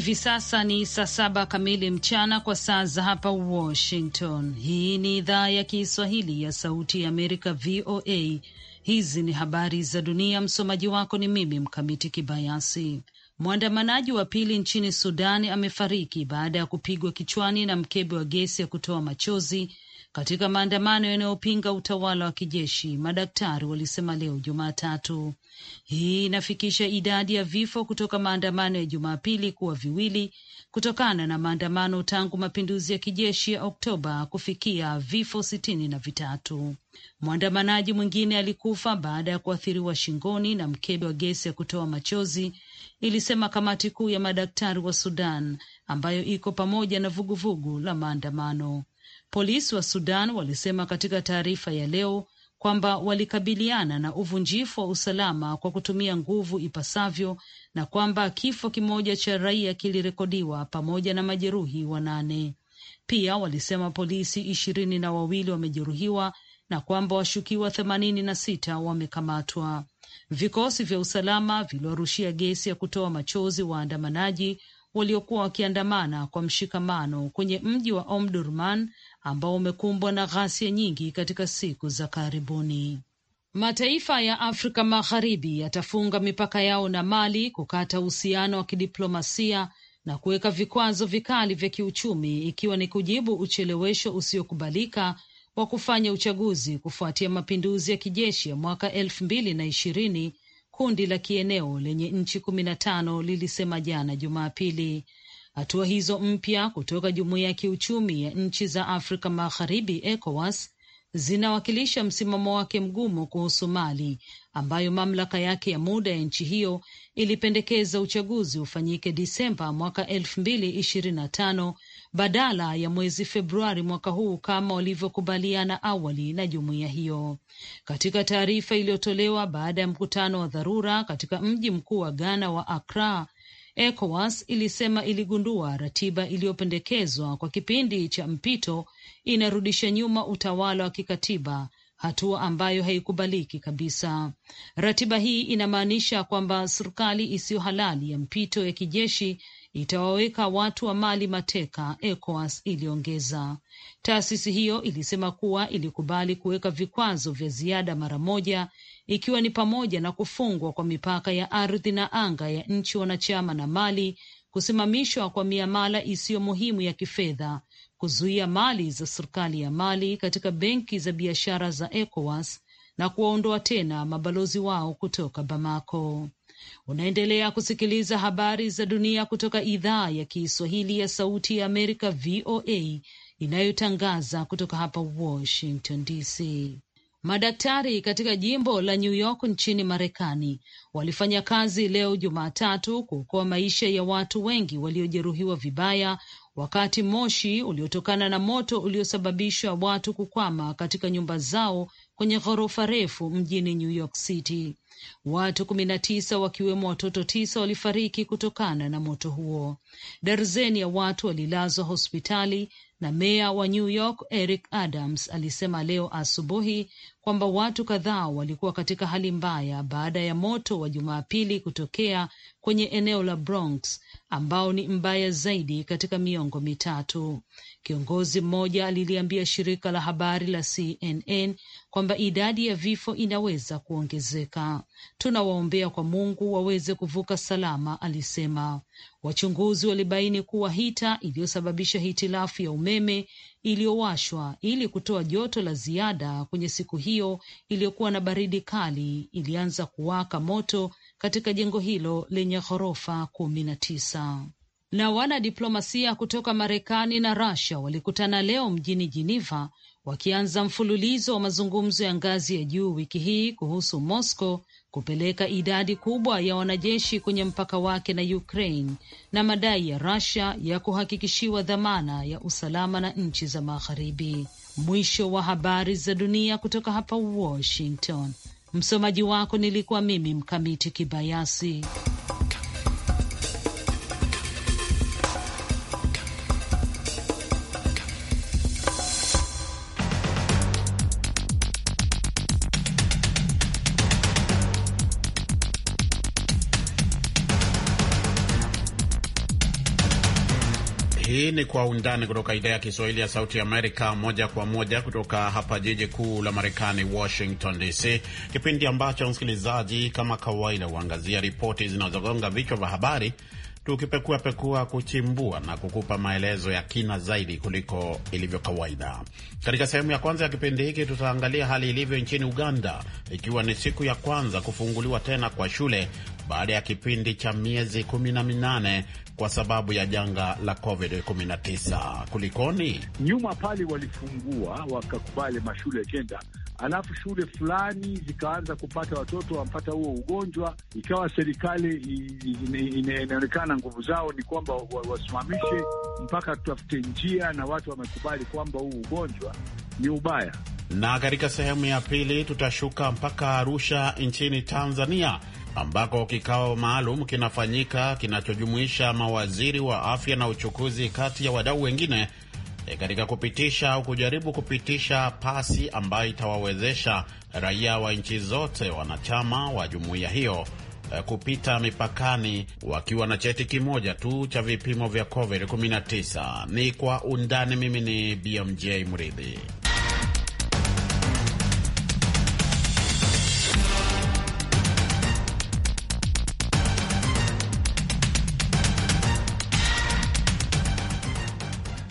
Hivi sasa ni saa saba kamili mchana kwa saa za hapa Washington. Hii ni idhaa ya Kiswahili ya Sauti ya Amerika, VOA. Hizi ni habari za dunia. Msomaji wako ni mimi Mkamiti Kibayasi. Mwandamanaji wa pili nchini Sudani amefariki baada ya kupigwa kichwani na mkebe wa gesi ya kutoa machozi katika maandamano yanayopinga utawala wa kijeshi, madaktari walisema leo Jumatatu. Hii inafikisha idadi ya vifo kutoka maandamano ya Jumapili kuwa viwili kutokana na maandamano tangu mapinduzi ya kijeshi ya Oktoba kufikia vifo sitini na vitatu. Mwandamanaji mwingine alikufa baada ya kuathiriwa shingoni na mkebe wa gesi ya kutoa machozi, ilisema kamati kuu ya madaktari wa Sudan ambayo iko pamoja na vuguvugu vugu la maandamano. Polisi wa Sudan walisema katika taarifa ya leo kwamba walikabiliana na uvunjifu wa usalama kwa kutumia nguvu ipasavyo na kwamba kifo kimoja cha raia kilirekodiwa pamoja na majeruhi wanane. Pia walisema polisi ishirini na wawili wamejeruhiwa na kwamba washukiwa themanini na sita wamekamatwa. Vikosi vya usalama viliwarushia gesi ya kutoa machozi waandamanaji waliokuwa wakiandamana kwa mshikamano kwenye mji wa Omdurman ambao umekumbwa na ghasia nyingi katika siku za karibuni. Mataifa ya Afrika Magharibi yatafunga mipaka yao na Mali, kukata uhusiano wa kidiplomasia na kuweka vikwazo vikali vya kiuchumi, ikiwa ni kujibu uchelewesho usiokubalika wa kufanya uchaguzi kufuatia mapinduzi ya kijeshi ya mwaka elfu mbili na ishirini. Kundi la kieneo lenye nchi kumi na tano lilisema jana Jumapili Hatua hizo mpya kutoka jumuiya ya kiuchumi ya nchi za Afrika Magharibi, ECOWAS, zinawakilisha msimamo wake mgumu kuhusu Mali, ambayo mamlaka yake ya muda ya nchi hiyo ilipendekeza uchaguzi ufanyike Disemba mwaka elfu mbili ishirini na tano badala ya mwezi Februari mwaka huu kama walivyokubaliana awali na jumuiya hiyo. Katika taarifa iliyotolewa baada ya mkutano wa dharura katika mji mkuu wa Ghana wa Accra ECOWAS ilisema iligundua ratiba iliyopendekezwa kwa kipindi cha mpito inarudisha nyuma utawala wa kikatiba, hatua ambayo haikubaliki kabisa. Ratiba hii inamaanisha kwamba serikali isiyo halali ya mpito ya kijeshi itawaweka watu wa Mali mateka, ECOWAS iliongeza. Taasisi hiyo ilisema kuwa ilikubali kuweka vikwazo vya ziada mara moja, ikiwa ni pamoja na kufungwa kwa mipaka ya ardhi na anga ya nchi wanachama na Mali, kusimamishwa kwa miamala isiyo muhimu ya kifedha, kuzuia mali za serikali ya Mali katika benki za biashara za ECOWAS na kuwaondoa tena mabalozi wao kutoka Bamako. Unaendelea kusikiliza habari za dunia kutoka idhaa ya Kiswahili ya Sauti ya Amerika, VOA, inayotangaza kutoka hapa Washington DC. Madaktari katika jimbo la New York nchini Marekani walifanya kazi leo Jumatatu kuokoa maisha ya watu wengi waliojeruhiwa vibaya wakati moshi uliotokana na moto uliosababisha watu kukwama katika nyumba zao kwenye ghorofa refu mjini New York City. Watu kumi na tisa wakiwemo watoto tisa walifariki kutokana na moto huo. Darzeni ya watu walilazwa hospitali na meya wa New York Eric Adams alisema leo asubuhi kwamba watu kadhaa walikuwa katika hali mbaya baada ya moto wa Jumapili kutokea kwenye eneo la Bronx ambao ni mbaya zaidi katika miongo mitatu. Kiongozi mmoja aliliambia shirika la habari la CNN kwamba idadi ya vifo inaweza kuongezeka. Tunawaombea kwa Mungu waweze kuvuka salama, alisema. Wachunguzi walibaini kuwa hita iliyosababisha hitilafu ya umeme iliyowashwa ili kutoa joto la ziada kwenye siku hiyo iliyokuwa na baridi kali ilianza kuwaka moto katika jengo hilo lenye ghorofa kumi na tisa. Na wanadiplomasia kutoka Marekani na rasia walikutana leo mjini jiniva wakianza mfululizo wa mazungumzo ya ngazi ya juu wiki hii kuhusu Moscow kupeleka idadi kubwa ya wanajeshi kwenye mpaka wake na Ukraine na madai ya Russia ya kuhakikishiwa dhamana ya usalama na nchi za magharibi. Mwisho wa habari za dunia kutoka hapa Washington. Msomaji wako nilikuwa mimi Mkamiti Kibayasi. Hii ni Kwa Undani kutoka idhaa ya Kiswahili ya Sauti Amerika, moja kwa moja kutoka hapa jiji kuu la Marekani, Washington DC, kipindi ambacho msikilizaji, kama kawaida, huangazia ripoti zinazogonga vichwa vya habari, tukipekuapekua, kuchimbua na kukupa maelezo ya kina zaidi kuliko ilivyo kawaida. Katika sehemu ya kwanza ya kipindi hiki, tutaangalia hali ilivyo nchini Uganda, ikiwa ni siku ya kwanza kufunguliwa tena kwa shule baada ya kipindi cha miezi 18 kwa sababu ya janga la COVID-19. Kulikoni nyuma pale walifungua wakakubali mashule kenda alafu shule fulani zikaanza kupata watoto wampata huo ugonjwa, ikawa serikali inaonekana nguvu zao ni kwamba wasimamishe mpaka tutafute njia, na watu wamekubali kwamba huu ugonjwa ni ubaya. Na katika sehemu ya pili tutashuka mpaka Arusha nchini Tanzania ambako kikao maalum kinafanyika kinachojumuisha mawaziri wa afya na uchukuzi kati ya wadau wengine e, katika kupitisha au kujaribu kupitisha pasi ambayo itawawezesha raia wa nchi zote wanachama wa jumuiya hiyo e, kupita mipakani wakiwa na cheti kimoja tu cha vipimo vya COVID-19. Ni kwa undani. Mimi ni BMJ Mridhi.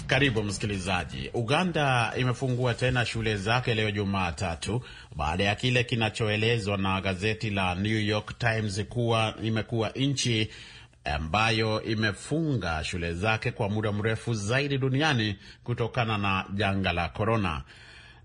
Karibu msikilizaji. Uganda imefungua tena shule zake leo Jumatatu baada ya kile kinachoelezwa na gazeti la New York Times kuwa imekuwa nchi ambayo imefunga shule zake kwa muda mrefu zaidi duniani kutokana na janga la korona.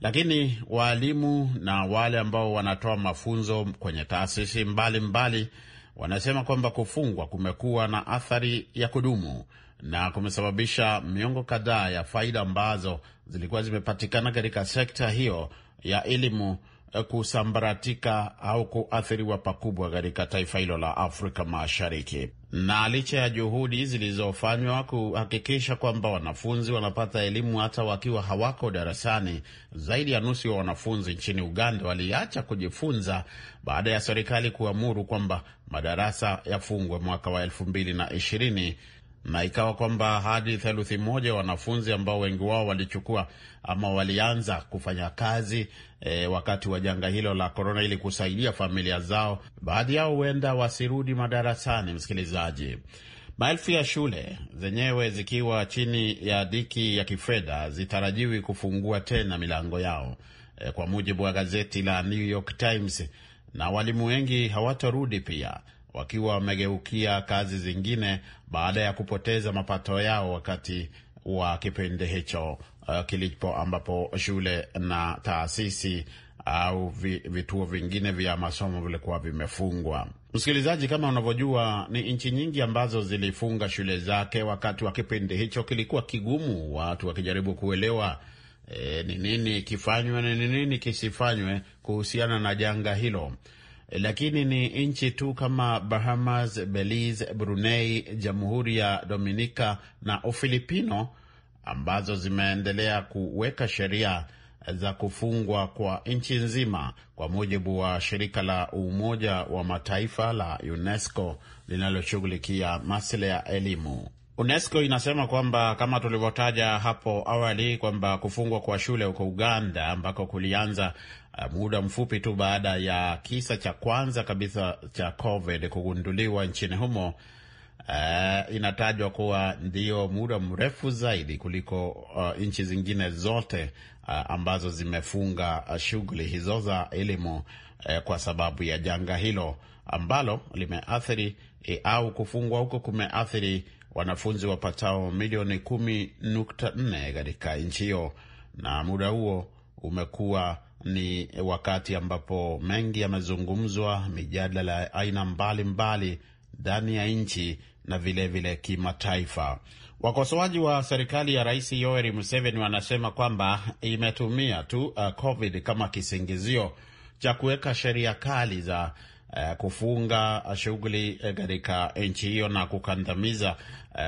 Lakini waalimu na wale ambao wanatoa mafunzo kwenye taasisi mbalimbali wanasema kwamba kufungwa kumekuwa na athari ya kudumu na kumesababisha miongo kadhaa ya faida ambazo zilikuwa zimepatikana katika sekta hiyo ya elimu eh, kusambaratika au kuathiriwa pakubwa katika taifa hilo la Afrika Mashariki. Na licha ya juhudi zilizofanywa kuhakikisha kwamba wanafunzi wanapata elimu hata wakiwa hawako darasani, zaidi ya nusu ya wanafunzi nchini Uganda waliacha kujifunza baada ya serikali kuamuru kwamba madarasa yafungwe mwaka wa elfu mbili na ishirini na ikawa kwamba hadi theluthi moja wanafunzi ambao wengi wao walichukua ama walianza kufanya kazi e, wakati wa janga hilo la korona, ili kusaidia familia zao, baadhi yao huenda wasirudi madarasani. Msikilizaji, maelfu ya shule zenyewe zikiwa chini ya diki ya kifedha zitarajiwi kufungua tena milango yao e, kwa mujibu wa gazeti la New York Times, na walimu wengi hawatarudi pia wakiwa wamegeukia kazi zingine baada ya kupoteza mapato yao wakati wa kipindi hicho uh, kilipo ambapo shule na taasisi au vituo vingine vya masomo vilikuwa vimefungwa. Msikilizaji, kama unavyojua, ni nchi nyingi ambazo zilifunga shule zake wakati wa kipindi hicho. Kilikuwa kigumu, watu wakijaribu kuelewa eh, ni e, nini kifanywe na ni nini kisifanywe kuhusiana na janga hilo lakini ni nchi tu kama Bahamas, Belize, Brunei, Jamhuri ya Dominica na Ufilipino ambazo zimeendelea kuweka sheria za kufungwa kwa nchi nzima kwa mujibu wa shirika la Umoja wa Mataifa la UNESCO linaloshughulikia masuala ya elimu. UNESCO inasema kwamba kama tulivyotaja hapo awali kwamba kufungwa kwa shule huko Uganda ambako kulianza Ah, muda mfupi tu baada ya kisa cha kwanza kabisa cha COVID kugunduliwa nchini humo. Uh, inatajwa kuwa ndio muda mrefu zaidi kuliko uh, nchi zingine zote uh, ambazo zimefunga uh, shughuli hizo za elimu uh, kwa sababu ya janga hilo ambalo limeathiri uh, au kufungwa huko kumeathiri wanafunzi wapatao milioni kumi nukta nne katika nchi hiyo, na muda huo umekuwa ni wakati ambapo mengi yamezungumzwa, mijadala ya aina mbalimbali ndani ya nchi na vilevile kimataifa. Wakosoaji wa serikali ya Rais Yoweri Museveni wanasema kwamba imetumia tu uh, COVID kama kisingizio cha kuweka sheria kali za uh, kufunga eh, shughuli eh, katika nchi hiyo na kukandamiza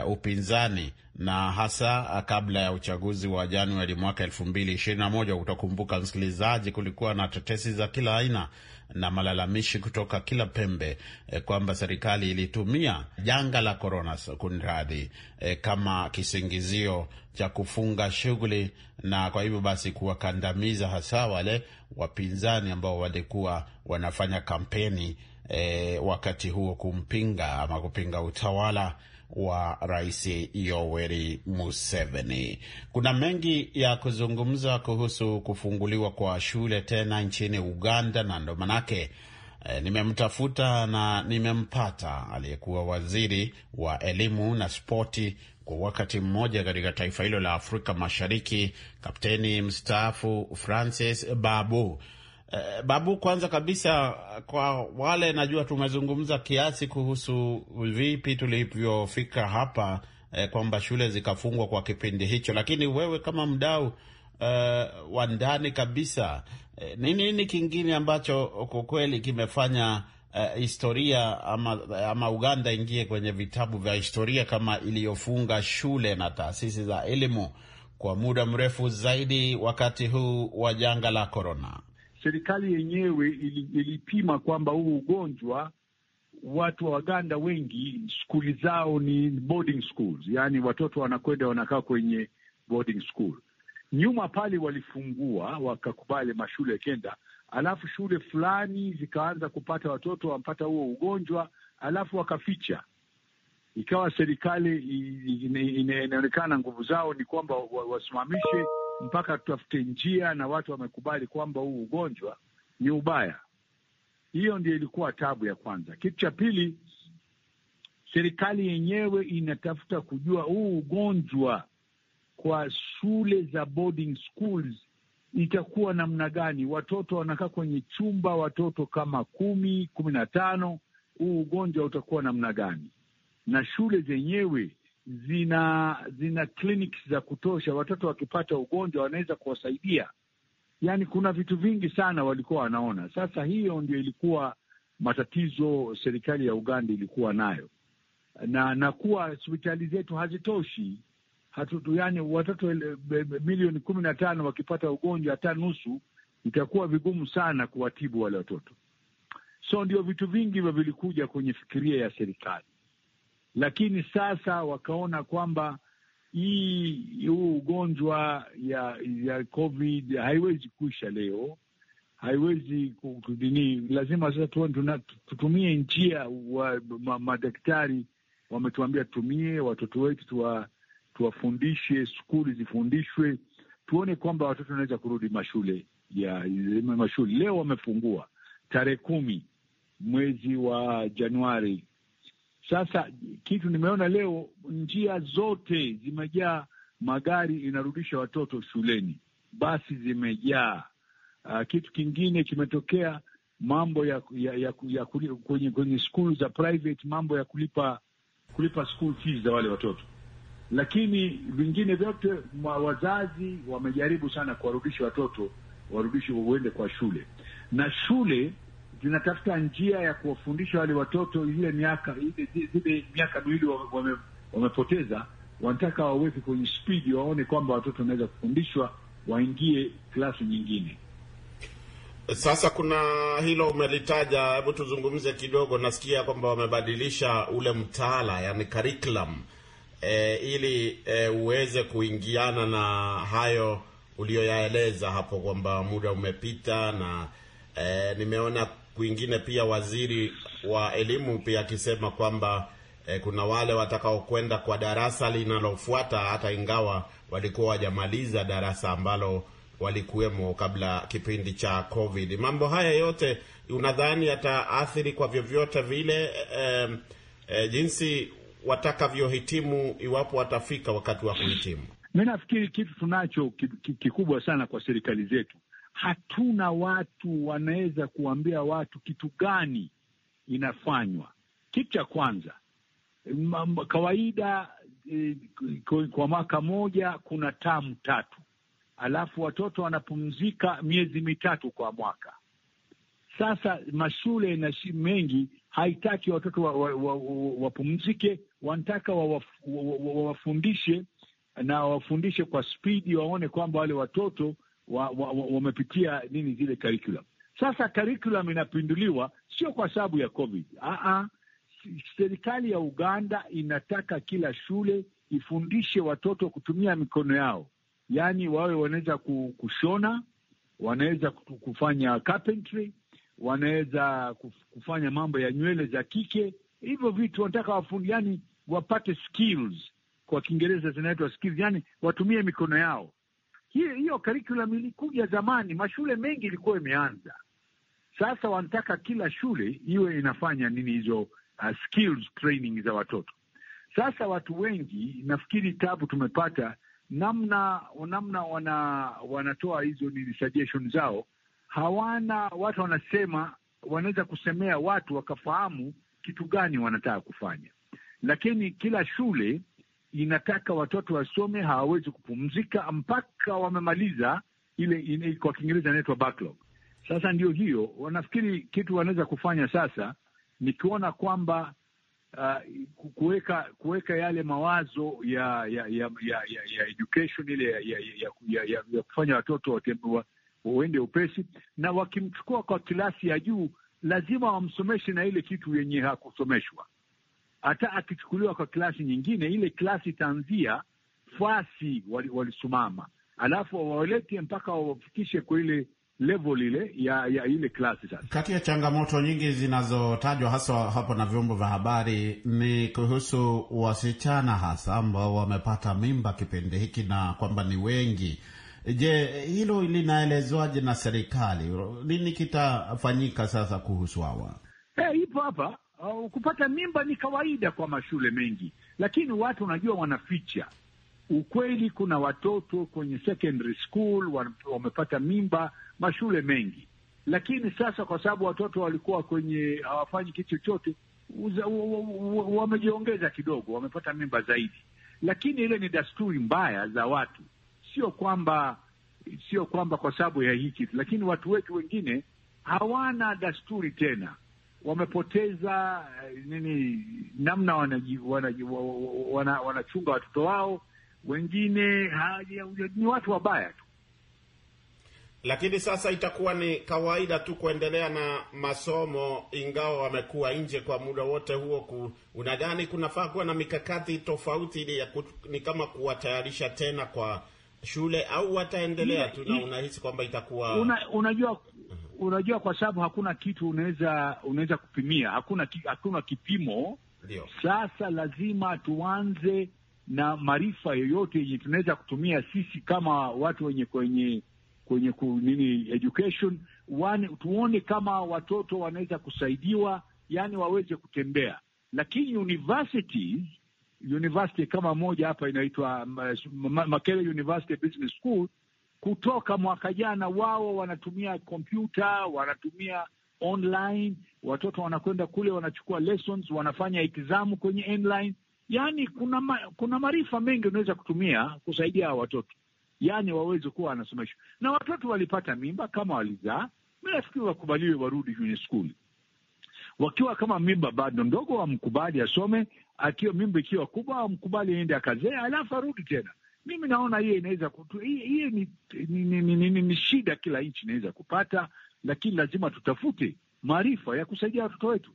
uh, upinzani na hasa kabla ya uchaguzi wa Januari mwaka elfu mbili ishirini na moja. Utakumbuka msikilizaji, kulikuwa na tetesi za kila aina na malalamishi kutoka kila pembe eh, kwamba serikali ilitumia janga la korona kunradhi, eh, kama kisingizio cha kufunga shughuli na kwa hivyo basi kuwakandamiza hasa wale wapinzani ambao walikuwa wanafanya kampeni eh, wakati huo kumpinga ama kupinga utawala wa Rais Yoweri Museveni. Kuna mengi ya kuzungumza kuhusu kufunguliwa kwa shule tena nchini Uganda, na ndo manake e, nimemtafuta na nimempata aliyekuwa waziri wa elimu na spoti kwa wakati mmoja katika taifa hilo la Afrika Mashariki, Kapteni mstaafu Francis Babu Eh, babu, kwanza kabisa kwa wale najua tumezungumza kiasi kuhusu vipi tulivyofika hapa eh, kwamba shule zikafungwa kwa kipindi hicho, lakini wewe kama mdau eh, wa ndani kabisa eh, ni nini kingine ambacho kwa kweli kimefanya eh, historia ama, ama Uganda ingie kwenye vitabu vya historia kama iliyofunga shule na taasisi za elimu kwa muda mrefu zaidi wakati huu wa janga la korona? serikali yenyewe ilipima kwamba huu ugonjwa watu wa Waganda wengi skuli zao ni boarding schools, yaani watoto wanakwenda wanakaa kwenye boarding school. Nyuma pale walifungua wakakubali mashule kenda, alafu shule fulani zikaanza kupata watoto wampata huo ugonjwa, alafu wakaficha. Ikawa serikali inaonekana nguvu zao ni kwamba wasimamishe mpaka tutafute njia na watu wamekubali kwamba huu ugonjwa ni ubaya. Hiyo ndio ilikuwa tabu ya kwanza. Kitu cha pili, serikali yenyewe inatafuta kujua huu ugonjwa kwa shule za boarding schools itakuwa namna gani. Watoto wanakaa kwenye chumba, watoto kama kumi, kumi na tano, huu ugonjwa utakuwa namna gani? Na shule zenyewe zina zina clinics za kutosha. Watoto wakipata ugonjwa wanaweza kuwasaidia. Yani kuna vitu vingi sana walikuwa wanaona. Sasa hiyo ndio ilikuwa matatizo serikali ya Uganda ilikuwa nayo, na na kuwa hospitali zetu hazitoshi hatutu, yani watoto milioni kumi na tano wakipata ugonjwa hata nusu, itakuwa vigumu sana kuwatibu wale watoto. So ndio vitu vingi vilikuja kwenye fikiria ya serikali lakini sasa wakaona kwamba hii huu ugonjwa ya ya COVID haiwezi kuisha leo, haiwezi kudini, lazima sasa tutumie njia wa, ma, madaktari wametuambia tutumie, watoto wetu tuwa, tuwafundishe, skuli zifundishwe, tuone kwamba watoto wanaweza kurudi mashule ya mashule. Leo wamefungua tarehe kumi mwezi wa Januari sasa kitu nimeona leo, njia zote zimejaa magari inarudisha watoto shuleni, basi zimejaa. Uh, kitu kingine kimetokea, mambo ya, ya, ya, ya kwenye, kwenye skulu za private, mambo ya kulipa kulipa school fees za wale watoto, lakini vingine vyote wazazi wamejaribu sana kuwarudisha watoto warudishi uende kwa shule na shule zinatafuta njia ya kuwafundisha wale watoto ile miaka zile miaka miwili wame, wamepoteza. Wanataka waweke kwenye spidi, waone kwamba watoto wanaweza kufundishwa, waingie klasi nyingine. Sasa kuna hilo umelitaja, hebu tuzungumze kidogo. Nasikia kwamba wamebadilisha ule mtaala, yani curriculum e, ili e, uweze kuingiana na hayo uliyoyaeleza hapo kwamba muda umepita na e, nimeona kwingine pia waziri wa elimu pia akisema kwamba eh, kuna wale watakaokwenda kwa darasa linalofuata hata ingawa walikuwa wajamaliza darasa ambalo walikuwemo kabla kipindi cha COVID. Mambo haya yote unadhani yataathiri kwa vyovyote vile eh, eh, eh jinsi watakavyohitimu iwapo watafika wakati wa kuhitimu? Mi nafikiri kitu tunacho kikubwa sana kwa serikali zetu hatuna watu wanaweza kuambia watu kitu gani inafanywa. Kitu cha kwanza kawaida eh, kwa mwaka moja kuna tamu tatu, alafu watoto wanapumzika miezi mitatu kwa mwaka. Sasa mashule na mengi haitaki watoto wapumzike, wa, wa, wa, wanataka wawafundishe wa, wa, wa, na wawafundishe kwa spidi, waone kwamba wale watoto wamepitia wa, wa, wa nini zile curriculum. Sasa curriculum inapinduliwa sio kwa sababu ya COVID. Aa, serikali ya Uganda inataka kila shule ifundishe watoto kutumia mikono yao, yaani wawe wanaweza kushona, wanaweza kufanya carpentry, wanaweza kufanya mambo ya nywele za kike, hivyo vitu wanataka wafundi, yani wapate skills, kwa Kiingereza zinaitwa skills, yani watumie mikono yao hiyo curriculum ilikuja zamani, mashule mengi ilikuwa imeanza. Sasa wanataka kila shule iwe inafanya nini hizo uh, skills training za watoto. Sasa watu wengi nafikiri tabu tumepata namna namna wana, wanatoa hizo nini suggestion zao, hawana watu wanasema, wanaweza kusemea watu wakafahamu kitu gani wanataka kufanya, lakini kila shule inataka watoto wasome, hawawezi kupumzika mpaka wamemaliza ile, ile kwa Kiingereza inaitwa backlog. Sasa ndio hiyo, wanafikiri kitu wanaweza kufanya sasa ni kuona kwamba uh, kuweka kuweka yale mawazo ya ya ya, ya, ya, ya education ile ya, ya, ya, ya, ya, ya kufanya watoto waende upesi, na wakimchukua kwa kilasi ya juu lazima wamsomeshe na ile kitu yenye hakusomeshwa hata akichukuliwa kwa klasi nyingine, ile klasi itaanzia fasi walisimama wali alafu wawalete mpaka wafikishe kwa ile level ile ya, ya ile klasi. Sasa kati ya changamoto nyingi zinazotajwa hasa hapo na vyombo vya habari ni kuhusu wasichana hasa ambao wamepata mimba kipindi hiki na kwamba ni wengi. Je, hilo linaelezwaje na serikali? Nini kitafanyika sasa kuhusu hawa? Hey, eh, ipo hapa uh, kupata mimba ni kawaida kwa mashule mengi, lakini watu unajua wanaficha ukweli. Kuna watoto kwenye secondary school wamepata mimba mashule mengi, lakini sasa kwa sababu watoto walikuwa kwenye hawafanyi kitu chochote, wamejiongeza kidogo, wamepata mimba zaidi, lakini ile ni dasturi mbaya za watu, sio kwamba sio kwamba kwa sababu ya hii kitu, lakini watu wetu wengine hawana dasturi tena wamepoteza eh, nini, namna wanachunga wana, wana, wana watoto wao, wengine ni watu wabaya tu. Lakini sasa itakuwa ni kawaida tu kuendelea na masomo ingawa wamekuwa nje kwa muda wote huo. Unadhani kunafaa kuwa na mikakati tofauti ili ya ni kama kuwatayarisha tena kwa shule au wataendelea tu na unahisi kwamba itakuwa una, unajua mhm. Unajua, kwa sababu hakuna kitu unaweza unaweza kupimia, hakuna ki, hakuna kipimo Dio. Sasa lazima tuanze na maarifa yoyote yenye tunaweza kutumia sisi kama watu wenye kwenye kwenye nini education wane, tuone kama watoto wanaweza kusaidiwa, yani waweze kutembea, lakini universities university kama moja hapa inaitwa uh, Makerere University Business School kutoka mwaka jana, wao wanatumia kompyuta, wanatumia online, watoto wanakwenda kule wanachukua lessons, wanafanya exam kwenye online. Yani kuna ma, kuna maarifa mengi unaweza kutumia kusaidia hawa watoto, yani waweze kuwa wanasomeshwa. Na watoto walipata mimba kama walizaa, nafikiri wakubaliwe warudi kwenye skuli wakiwa kama mimba bado ndogo, wamkubali asome. Akiwa mimba ikiwa kubwa, wamkubali aende akazee, alafu arudi tena. Mimi naona hiyo inaweza hiyo ni, ni, ni, ni, ni, ni shida kila nchi inaweza kupata, lakini lazima tutafute maarifa ya kusaidia watoto wetu.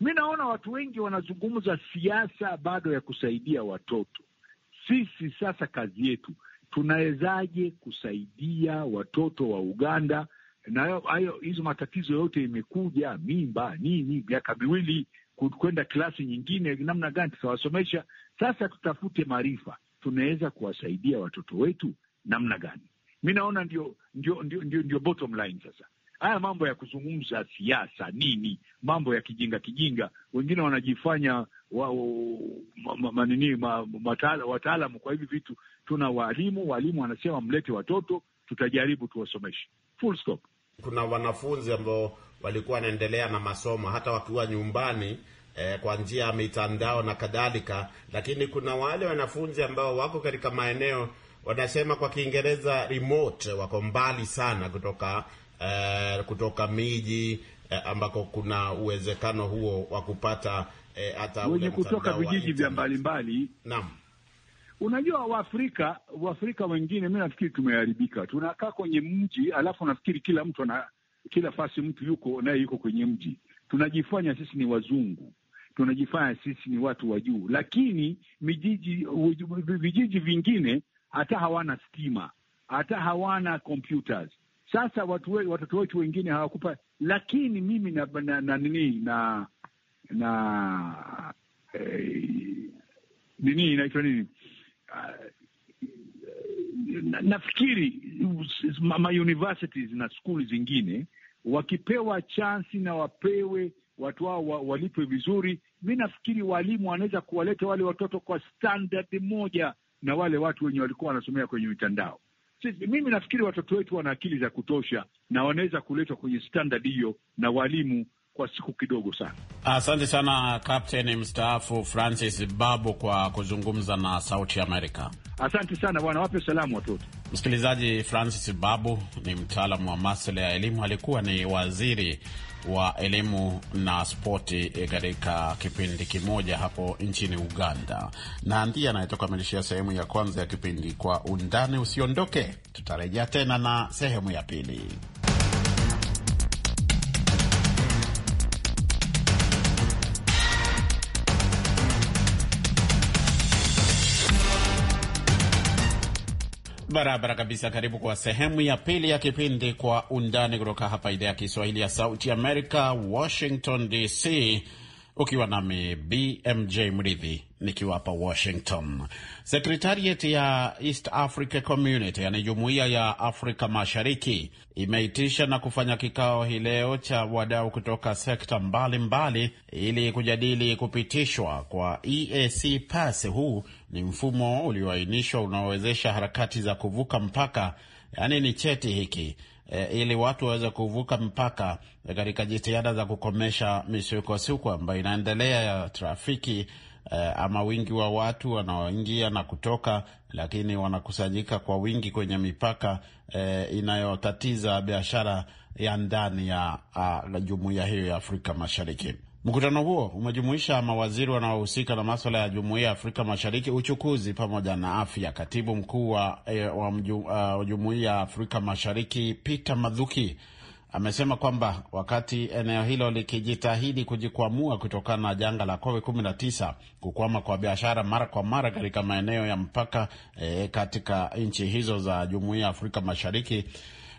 Mi naona watu wengi wanazungumza siasa bado ya kusaidia watoto. Sisi sasa kazi yetu tunawezaje kusaidia watoto wa Uganda na hayo hizo matatizo yote imekuja mimba nini, miaka miwili kwenda klasi nyingine, namna gani tutawasomesha? Sasa tutafute maarifa tunaweza kuwasaidia watoto wetu namna gani? Mi naona ndio, ndio, ndio, ndio, ndio bottom line. Sasa haya mambo ya kuzungumza siasa nini, mambo ya kijinga kijinga, wengine wanajifanya manini wataalamu kwa hivi vitu. Tuna waalimu, waalimu wanasema mlete watoto, tutajaribu tuwasomeshe, full stop. Kuna wanafunzi ambao walikuwa wanaendelea na masomo hata wakiwa nyumbani eh, kwa njia ya mitandao na kadhalika, lakini kuna wale wanafunzi ambao wako katika maeneo wanasema kwa Kiingereza remote, wako mbali sana kutoka eh, kutoka miji eh, ambako kuna uwezekano huo wa kupata eh, hata wenye kutoka vijiji vya mbalimbali. Naam. Unajua, Waafrika Waafrika wengine, mi nafikiri tumeharibika. Tunakaa kwenye mji, alafu nafikiri kila mtu ana kila fasi, mtu yuko naye yuko kwenye mji, tunajifanya sisi ni wazungu tunajifanya sisi ni watu wa juu, lakini mijiji, vijiji vingine hata hawana stima, hata hawana computers. Sasa watu watoto wetu wengine hawakupa, lakini mimi na na na nini na, na eh, nini inaitwa nini na, ah, eh, nafikiri ma universities na skuli zingine wakipewa chansi na wapewe watu wao walipwe vizuri. Mi nafikiri walimu wanaweza kuwaleta wale watoto kwa standard moja na wale watu wenye walikuwa wanasomea kwenye mitandao. Sisi, mimi nafikiri watoto wetu wana akili za kutosha na wanaweza kuletwa kwenye standard hiyo na walimu kwa siku kidogo sana. Asante sana Kapteni mstaafu Francis Babu kwa kuzungumza na Sauti Amerika. Asante sana bwana, wape salamu watoto. Msikilizaji, Francis Babu ni mtaalamu wa masuala ya elimu, alikuwa ni waziri wa elimu na spoti katika kipindi kimoja hapo nchini Uganda, na ndiye anayetokamilishia sehemu ya kwanza ya kipindi Kwa Undani. Usiondoke, tutarejea tena na sehemu ya pili. Barabara kabisa. Karibu kwa sehemu ya pili ya kipindi Kwa Undani kutoka hapa idhaa ya Kiswahili ya Sauti Amerika, Washington DC ukiwa nami BMJ Mridhi nikiwa hapa Washington. Sekretariat ya East Africa Community, yani jumuiya ya Afrika Mashariki, imeitisha na kufanya kikao hii leo cha wadau kutoka sekta mbalimbali mbali, ili kujadili kupitishwa kwa EAC Pass. Huu ni mfumo ulioainishwa unaowezesha harakati za kuvuka mpaka, yani ni cheti hiki e, ili watu waweze kuvuka mpaka katika jitihada za kukomesha misukosuko ambayo inaendelea ya trafiki e, ama wingi wa watu wanaoingia na kutoka, lakini wanakusanyika kwa wingi kwenye mipaka e, inayotatiza biashara ya ndani ya ah, jumuiya hiyo ya Afrika Mashariki. Mkutano huo umejumuisha mawaziri wanaohusika na maswala ya jumuiya ya Afrika Mashariki, uchukuzi pamoja na afya. Katibu mkuu wa, eh, wa uh, jumuiya ya Afrika Mashariki Peter madhuki amesema kwamba wakati eneo hilo likijitahidi kujikwamua kutokana na janga la COVID-19, kukwama kwa biashara mara kwa mara katika maeneo ya mpaka eh, katika nchi hizo za jumuiya ya Afrika Mashariki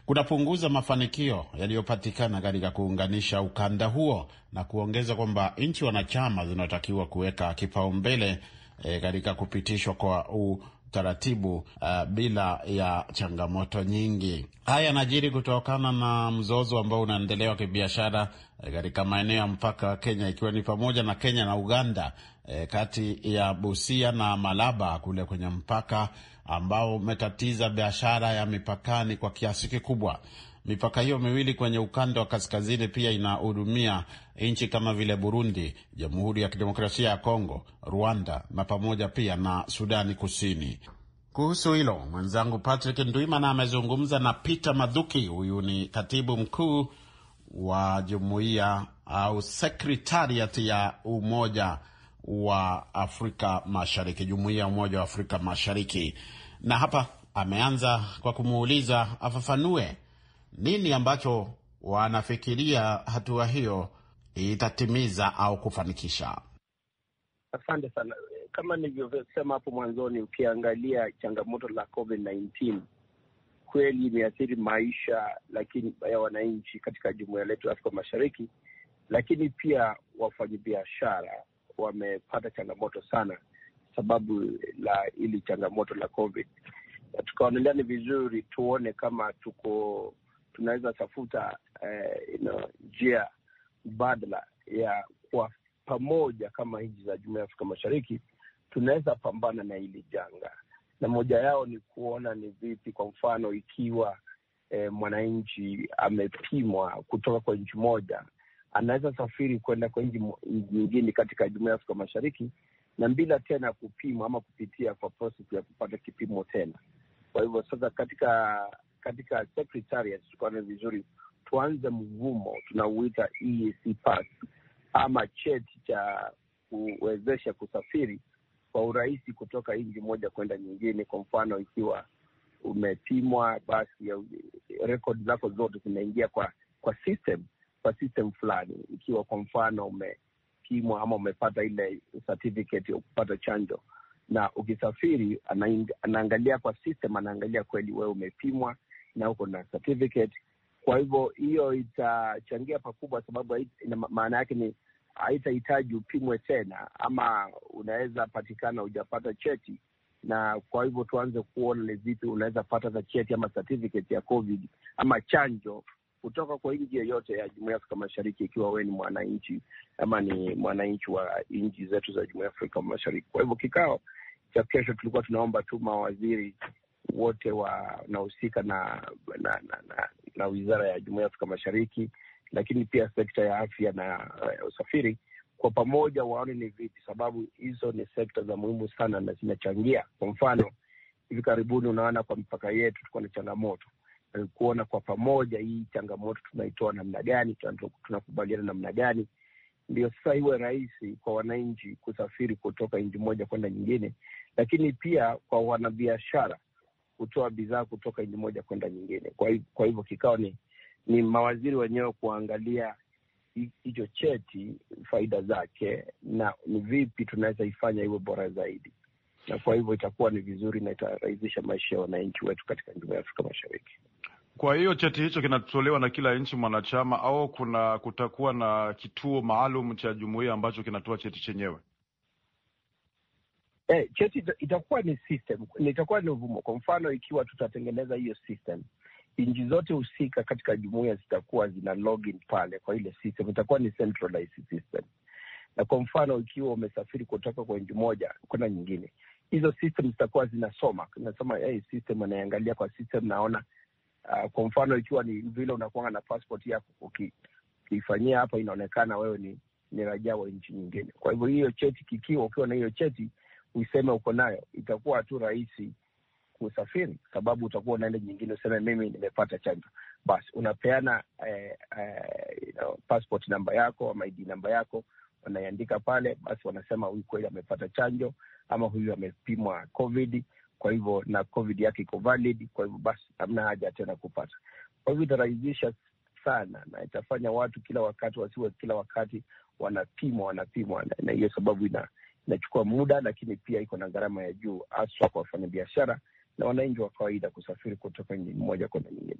kunapunguza mafanikio yaliyopatikana katika kuunganisha ukanda huo na kuongeza kwamba nchi wanachama zinatakiwa kuweka kipaumbele e, katika kupitishwa kwa utaratibu uh, bila ya changamoto nyingi. Haya yanajiri kutokana na mzozo ambao unaendelea wa kibiashara e, katika maeneo ya mpaka wa Kenya ikiwa ni pamoja na Kenya na Uganda, e, kati ya Busia na Malaba kule kwenye mpaka ambao umetatiza biashara ya mipakani kwa kiasi kikubwa. Mipaka hiyo miwili kwenye ukanda wa kaskazini pia inahudumia nchi kama vile Burundi, Jamhuri ya Kidemokrasia ya Kongo, Rwanda na pamoja pia na Sudani Kusini. Kuhusu hilo mwenzangu Patrick Ndwimana amezungumza na Peter Madhuki. Huyu ni katibu mkuu wa jumuiya au sekretariat ya Umoja wa Afrika Mashariki, jumuiya ya Umoja wa Afrika Mashariki, na hapa ameanza kwa kumuuliza afafanue nini ambacho wanafikiria hatua hiyo itatimiza au kufanikisha. Asante sana. Kama nilivyosema hapo mwanzoni, ukiangalia changamoto la COVID-19 kweli imeathiri maisha lakini ya wananchi katika jumuiya letu ya Afrika Mashariki, lakini pia wafanyabiashara wamepata changamoto sana sababu la hili changamoto la COVID, na tukaonelea ni vizuri tuone kama tuko tunaweza tafuta eh, you know, njia mbadala ya kwa pamoja kama nchi za jumuia ya Afrika Mashariki tunaweza pambana na hili janga, na moja yao ni kuona ni vipi, kwa mfano ikiwa eh, mwananchi amepimwa kutoka kwa nchi moja anaweza safiri kwenda kwa nchi nyingine katika jumuiya ya Afrika Mashariki na bila tena kupimwa ama kupitia kwa process ya kupata kipimo tena. Kwa hivyo sasa, katika katika secretariat tukaone vizuri, tuanze mvumo tunauita EAC pass ama cheti cha kuwezesha kusafiri kwa urahisi kutoka nchi moja kwenda nyingine. Kwa mfano, ikiwa umepimwa basi rekodi zako zote zinaingia kwa kwa system kwa system fulani, ikiwa kwa mfano umepimwa ama umepata ile certificate ya kupata chanjo, na ukisafiri anaangalia kwa system, anaangalia kweli wewe umepimwa na uko na certificate. Kwa hivyo hiyo itachangia pakubwa, sababu maana yake ni haitahitaji upimwe tena, ama unaweza patikana hujapata cheti na kwa hivyo tuanze kuona vipi unaweza pata za cheti ama certificate ya COVID ama chanjo kutoka kwa nchi yeyote ya jumuia ya Afrika Mashariki, ikiwa wewe ni mwananchi ama ni mwananchi wa nchi zetu za jumuia ya Afrika Mashariki. Kwa hivyo kikao cha kesho tulikuwa tunaomba tu mawaziri wote wanahusika na na, na, na na wizara ya jumuia ya Afrika Mashariki, lakini pia sekta ya afya na uh, usafiri kwa pamoja waone ni vipi, sababu hizo ni sekta za muhimu sana na zinachangia. Kwa mfano hivi karibuni, unaona kwa mipaka yetu tuko na changamoto Eh, kuona kwa pamoja hii changamoto tunaitoa namna gani, tunakubaliana namna gani, ndio sasa iwe rahisi kwa wananchi kusafiri kutoka nchi moja kwenda nyingine, lakini pia kwa wanabiashara kutoa bidhaa kutoka nchi moja kwenda nyingine. Kwa, kwa hivyo kikao ni, ni mawaziri wenyewe kuangalia hicho cheti faida zake na ni vipi tunaweza ifanya iwe bora zaidi na kwa hivyo itakuwa ni vizuri na itarahisisha maisha ya wananchi wetu katika nchi ya Afrika Mashariki. Kwa hiyo cheti hicho kinatolewa na kila nchi mwanachama, au kuna kutakuwa na kituo maalum cha jumuiya ambacho kinatoa cheti chenyewe? Eh, cheti itakuwa ni system, itakuwa ni mfumo. Kwa mfano, ikiwa tutatengeneza hiyo system, nchi zote husika katika jumuiya zitakuwa zina login pale kwa ile system, itakuwa ni centralized system. Na kwa mfano, ikiwa umesafiri kutoka kwa nchi moja kuna nyingine, hizo system zitakuwa zinasoma zinasoma, hey, system anaangalia kwa system naona uh, kwa mfano ikiwa ni vile unakuanga na passport yako ukiifanyia hapa inaonekana wewe ni ni raia wa nchi nyingine. Kwa hivyo hiyo cheti kikiwa, ukiwa na hiyo cheti useme uko nayo, itakuwa tu rahisi kusafiri, sababu utakuwa unaenda nyingine, useme mimi nimepata chanjo, basi unapeana eh, eh, you know, passport namba yako ama ID namba yako, wanaiandika pale, basi wanasema huyu kweli amepata chanjo ama huyu amepimwa COVID, kwa hivyo na COVID yake iko valid, kwa hivyo basi hamna haja tena kupata. Kwa hivyo itarahisisha sana na itafanya watu kila wakati wasiwe kila wakati wanapimwa wanapimwa, na hiyo sababu ina inachukua muda, lakini pia iko na gharama ya juu, haswa kwa wafanyabiashara na wananchi wa kawaida kusafiri kutoka nchi moja kwenda nyingine.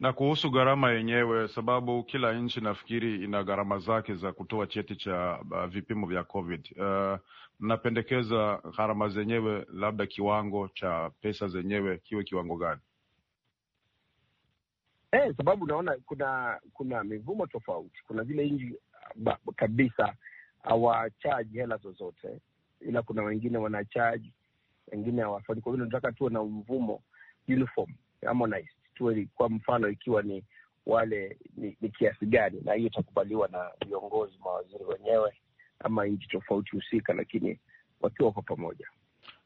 Na kuhusu gharama yenyewe, sababu kila nchi nafikiri ina gharama zake za kutoa cheti cha uh, vipimo vya COVID. Uh, mnapendekeza gharama zenyewe, labda kiwango cha pesa zenyewe kiwe kiwango gani? Eh, sababu unaona kuna kuna mivumo tofauti. Kuna zile nchi kabisa hawachaji hela zozote, ila kuna wengine wanachaji, wengine hawafani. Kwa hiyo nataka tuwe na mvumo uniform ama tujue kwa mfano ikiwa ni wale ni, ni kiasi gani, na hiyo itakubaliwa na viongozi, mawaziri wenyewe ama nchi tofauti husika, lakini wakiwa kwa pamoja.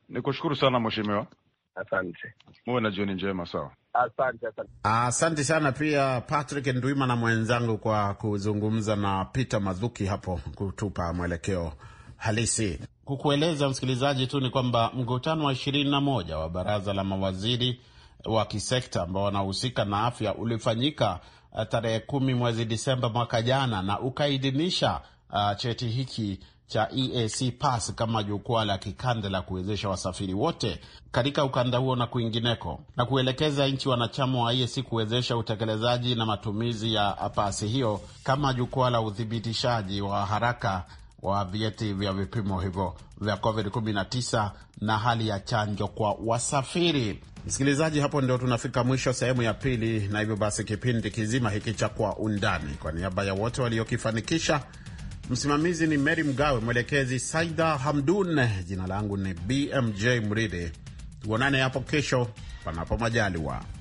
Ni kushukuru sana mheshimiwa, asante, muwe na jioni njema. Sawa, asante, asante, asante sana pia Patrick Ndwima na mwenzangu kwa kuzungumza na Peter Mazuki hapo kutupa mwelekeo halisi. Kukueleza msikilizaji tu ni kwamba mkutano wa ishirini na moja wa baraza la mawaziri wa kisekta ambao wanahusika na afya ulifanyika eh, tarehe kumi mwezi Disemba mwaka jana na ukaidhinisha uh, cheti hiki cha EAC Pass kama jukwaa la kikanda la kuwezesha wasafiri wote katika ukanda huo na kwingineko, na kuelekeza nchi wanachama wa EAC kuwezesha utekelezaji na matumizi ya pasi hiyo kama jukwaa la uthibitishaji wa haraka wa vyeti vya vipimo hivyo vya COVID-19 na hali ya chanjo kwa wasafiri. Msikilizaji, hapo ndio tunafika mwisho sehemu ya pili, na hivyo basi kipindi kizima hiki cha Kwa Undani, kwa niaba ya wote waliokifanikisha, msimamizi ni Meri Mgawe, mwelekezi Saida Hamdun, jina langu ni BMJ Mridhi. Tuonane hapo kesho, panapo majaliwa.